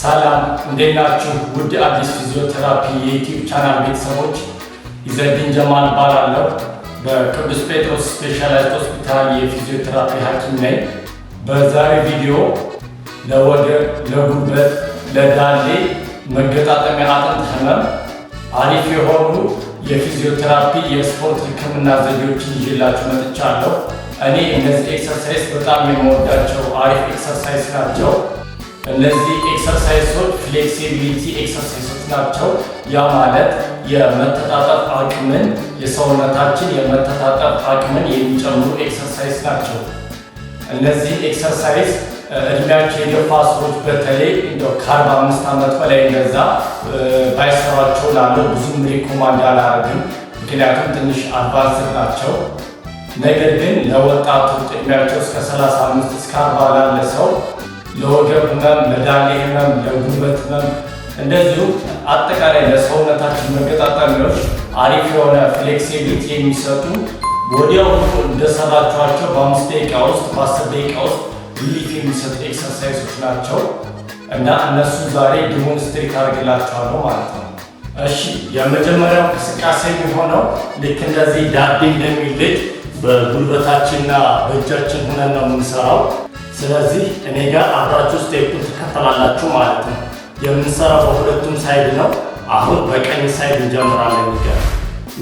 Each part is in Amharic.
ሰላም እንዴት ናችሁ? ውድ አዲስ ፊዚዮቴራፒ የዩቲዩብ ቻናል ቤተሰቦች ኢዘዲን ጀማል እባላለሁ። በቅዱስ ጴጥሮስ ስፔሻላይዝድ ሆስፒታል የፊዚዮቴራፒ ሐኪም ነኝ። በዛሬ ቪዲዮ ለወገብ፣ ለጉልበት፣ ለዳሌ መገጣጠሚያ አጥንት ህመም አሪፍ የሆኑ የፊዚዮቴራፒ የስፖርት ህክምና ዘዴዎችን ይዤላችሁ መጥቻለሁ። እኔ እነዚህ ኤክሰርሳይዝ በጣም የምወዳቸው አሪፍ ኤክሰርሳይዝ ናቸው። እነዚህ ኤክሰርሳይሶች ፍሌክሲቢሊቲ ኤክሰርሳይሶች ናቸው። ያ ማለት የመተጣጠፍ አቅምን የሰውነታችን የመተጣጠፍ አቅምን የሚጨምሩ ኤክሰርሳይዝ ናቸው። እነዚህ ኤክሰርሳይዝ እድሜያቸው የገፋ ሰዎች በተለይ እንደ ከአርባ አምስት ዓመት በላይ ገዛ ባይሰሯቸው ላለ ብዙም ሪኮማንድ አላረግም፣ ምክንያቱም ትንሽ አድቫንስድ ናቸው። ነገር ግን ለወጣቶች እድሜያቸው እስከ 35 እስከ 40 ላለ ሰው ለወገብ ህመም፣ ለዳሌ ህመም፣ ለጉበት ህመም እንደዚሁ አጠቃላይ ለሰውነታችን መገጣጠሚያዎች አሪፍ የሆነ ፍሌክሲቢሊቲ የሚሰጡ ወዲያውኑ እንደሰራችኋቸው በአምስት ደቂቃ ውስጥ በአስር ደቂቃ ውስጥ ሪሊፍ የሚሰጡ ኤክሰርሳይዞች ናቸው እና እነሱ ዛሬ ዲሞንስትሬት አድርግላችኋለሁ ማለት ነው። እሺ የመጀመሪያው እንቅስቃሴ የሚሆነው ልክ እንደዚህ ዳዴ እንደሚልቅ በጉልበታችንና በእጃችን ሆነን ነው የምንሰራው። ስለዚህ እኔ ጋር አብራችሁ ስቴፕ ትከተላላችሁ ማለት ነው። የምንሰራው በሁለቱም ሳይድ ነው። አሁን በቀኝ ሳይድ እንጀምራለን። ይገ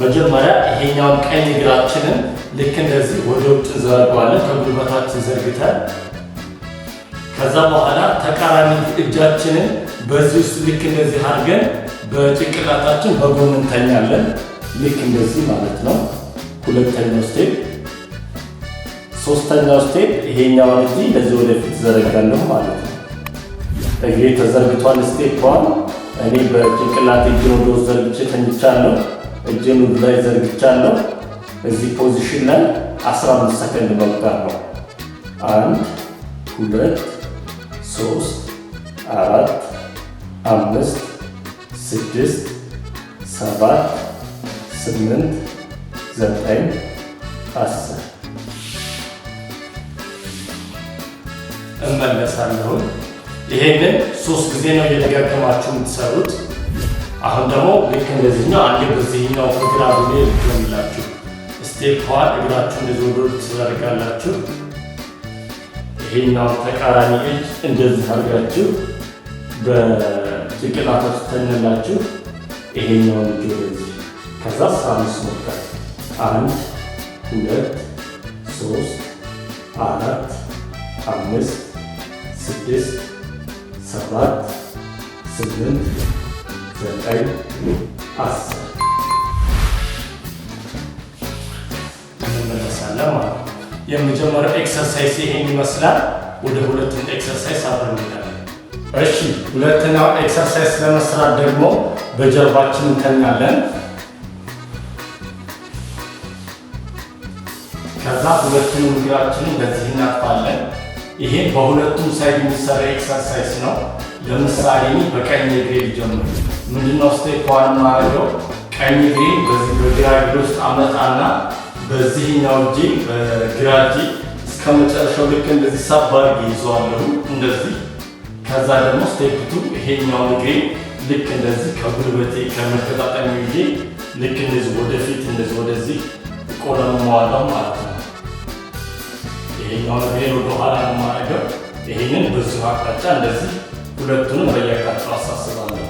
መጀመሪያ ይሄኛውን ቀኝ እግራችንን ልክ እንደዚህ ወደ ውጭ እንዘረጓለን ከጉልበታችን ዘርግተን ከዛ በኋላ ተቃራኒ እጃችንን በዚህ ውስጥ ልክ እንደዚህ አድርገን በጭንቅላታችን በጎን እንተኛለን። ልክ እንደዚህ ማለት ነው። ሁለተኛው ስቴፕ ሶስተኛው ስቴፕ ይሄኛውን እጅ ለዚህ ወደፊት ዘረጋለሁ ማለት ነው። እግሬ ተዘርግቷል። ስቴፕ ዋን እኔ በጭንቅላት እጅ ወደ ውስጥ ዘርግቼ ተኝቻለሁ። እጅን ወደ ላይ ዘርግቻለሁ። እዚህ ፖዚሽን ላይ 15 ሰከንድ መቁጠር ነው። አንድ ሁለት ሶስት አራት አምስት ስድስት ሰባት ስምንት ዘጠኝ አስር እመለሳለሁን። ይሄንን ሶስት ጊዜ ነው እየደጋገማችሁ የምትሰሩት። አሁን ደግሞ ልክ እንደዚህኛው አንድ በዚህኛው እግራ ልትሆንላችሁ ስቴፕ ዋን እግራችሁ እንደዚህ ወደ ትዘርጋላችሁ። ይሄኛው ተቃራኒ እጅ እንደዚህ አድርጋችሁ ይሄኛውን እጅ ወደዚህ ከዛ አንድ ሁለት ሶስት አራት አምስት ስድስት ሰባት ስምንት ዘጠኝ አስር እንመለሳለን ማለት ነው። የመጀመሪያው ኤክሰርሳይዝ ይሄን ይመስላል። ወደ ሁለተኛ ኤክሰርሳይዝ አብረን እንሄዳለን። እሺ ሁለተኛው ኤክሰርሳይዝ ለመስራት ደግሞ በጀርባችን እንተኛለን። ከዛ ሁለቱን እግራችንን በዚህ እናጥፋለን። ይሄ በሁለቱም ሳይድ የሚሰራ ኤክሰርሳይዝ ነው። ለምሳሌ በቀኝ እግሬ ጀምር። ምንድነው ስቴፕ ዋን ማድረገው ቀኝ እግሬ በዚህ በግራ እግሬ ውስጥ አመጣና በዚህኛው እጄ በግራ እጄ እስከ መጨረሻው ልክ እንደዚህ ሳብ ይዘዋለሁ እንደዚህ። ከዛ ደግሞ ስቴፕ ይሄኛው ይሄኛውን እግሬ ልክ እንደዚህ ከጉልበቴ ከመከጣጠሚ ልክ እንደዚህ ወደፊት እንደዚህ ወደዚህ ቆለመዋለው ማለት ነው። ይሄኛው ነገር ወደኋላ ይሄንን በዚሁ አቅጣጫ እንደዚህ ሁለቱንም በየአቅጣጫው አሳስባለሁ።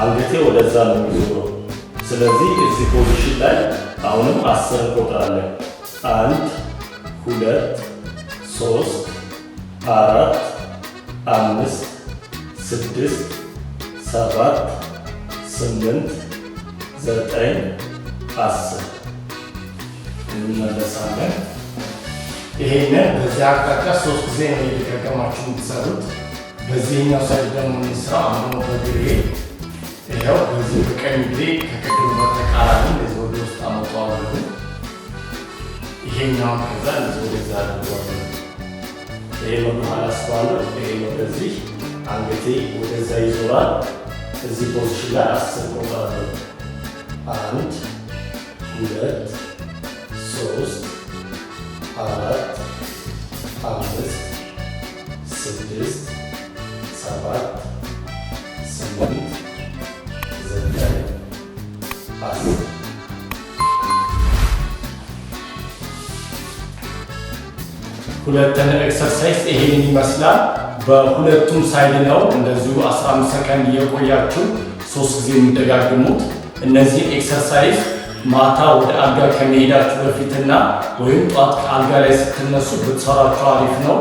አንገቴ ወደዛ ነው የሚዞረው። ስለዚህ እዚህ ፖዚሽን ላይ አሁንም አስር እንቆጥራለን። አንድ ሁለት ሶስት አራት አምስት ስድስት ሰባት ስምንት ዘጠኝ አስር እንመለሳለን። ይሄንን በዚህ አቅጣጫ ሶስት ጊዜ ነው እየደጋገማችሁ የምትሰሩት። በዚህኛው ሳይድ ደግሞ የሚሰራው አሁን በግሬ ይኸው በዚህ በቀኝ ግሬ ከቅድም በተቃራኒ እንደዚህ ወደ ውስጥ አመጣዋለሁ። ይሄኛውን ከዛ እንደዚህ ወደዛ አድርገዋለሁ። ይሄ በኋላ አስባለሁ። ይሄ ወደዚህ አንገቴ ወደዛ ይዞራል። እዚህ ፖዚሽን ላይ አስር ቆጣለሁ። አንድ ሁለት ሶስት አራት አምስት ስድስት ሰባት ስምንት ዘጠኝ አስር ሁለተኛ ኤክሰርሳይዝ ይሄንን ይመስላል። በሁለቱም ሳይድ ነው እንደዚሁ 15 ሰከንድ እየቆያችሁ ሶስት ጊዜ የሚደጋግሙት እነዚህ ኤክሰርሳይዝ ማታ ወደ አልጋ ከመሄዳችሁ በፊትና ወይም ጧት ከአልጋ ላይ ስትነሱ ብትሰሯቸው አሪፍ ነው።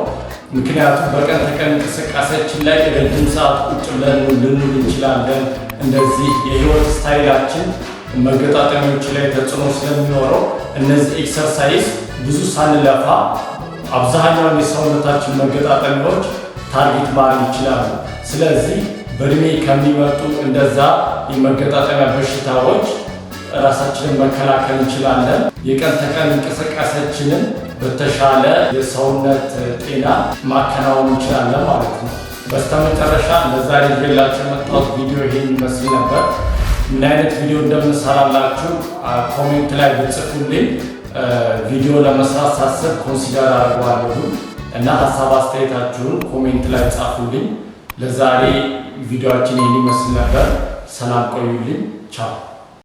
ምክንያቱም በቀን ተቀን እንቅስቃሴያችን ላይ ረጅም ሰዓት ቁጭ ብለን ልንውል እንችላለን። እንደዚህ የህይወት ስታይላችን መገጣጠሚዎች ላይ ተጽዕኖ ስለሚኖረው እነዚህ ኤክሰርሳይዝ ብዙ ሳንለፋ አብዛኛውን የሰውነታችን መገጣጠሚያዎች ታርጌት ማድረግ ይችላሉ። ስለዚህ በእድሜ ከሚመጡ እንደዛ የመገጣጠሚያ በሽታዎች ራሳችንን መከላከል እንችላለን። የቀን ተቀን እንቅስቃሴያችንን በተሻለ የሰውነት ጤና ማከናወን እንችላለን ማለት ነው። በስተመጨረሻ ለዛሬ ይዤላችሁ የመጣሁት ቪዲዮ ይሄን ይመስል ነበር። ምን አይነት ቪዲዮ እንደምንሰራላችሁ ኮሜንት ላይ ብጽፉልኝ ቪዲዮ ለመስራት ሳስብ ኮንሲደር አድርጓለሁ እና ሀሳብ አስተያየታችሁን ኮሜንት ላይ ጻፉልኝ። ለዛሬ ቪዲዮችን ይህን ይመስል ነበር። ሰላም ቆዩልኝ። ቻው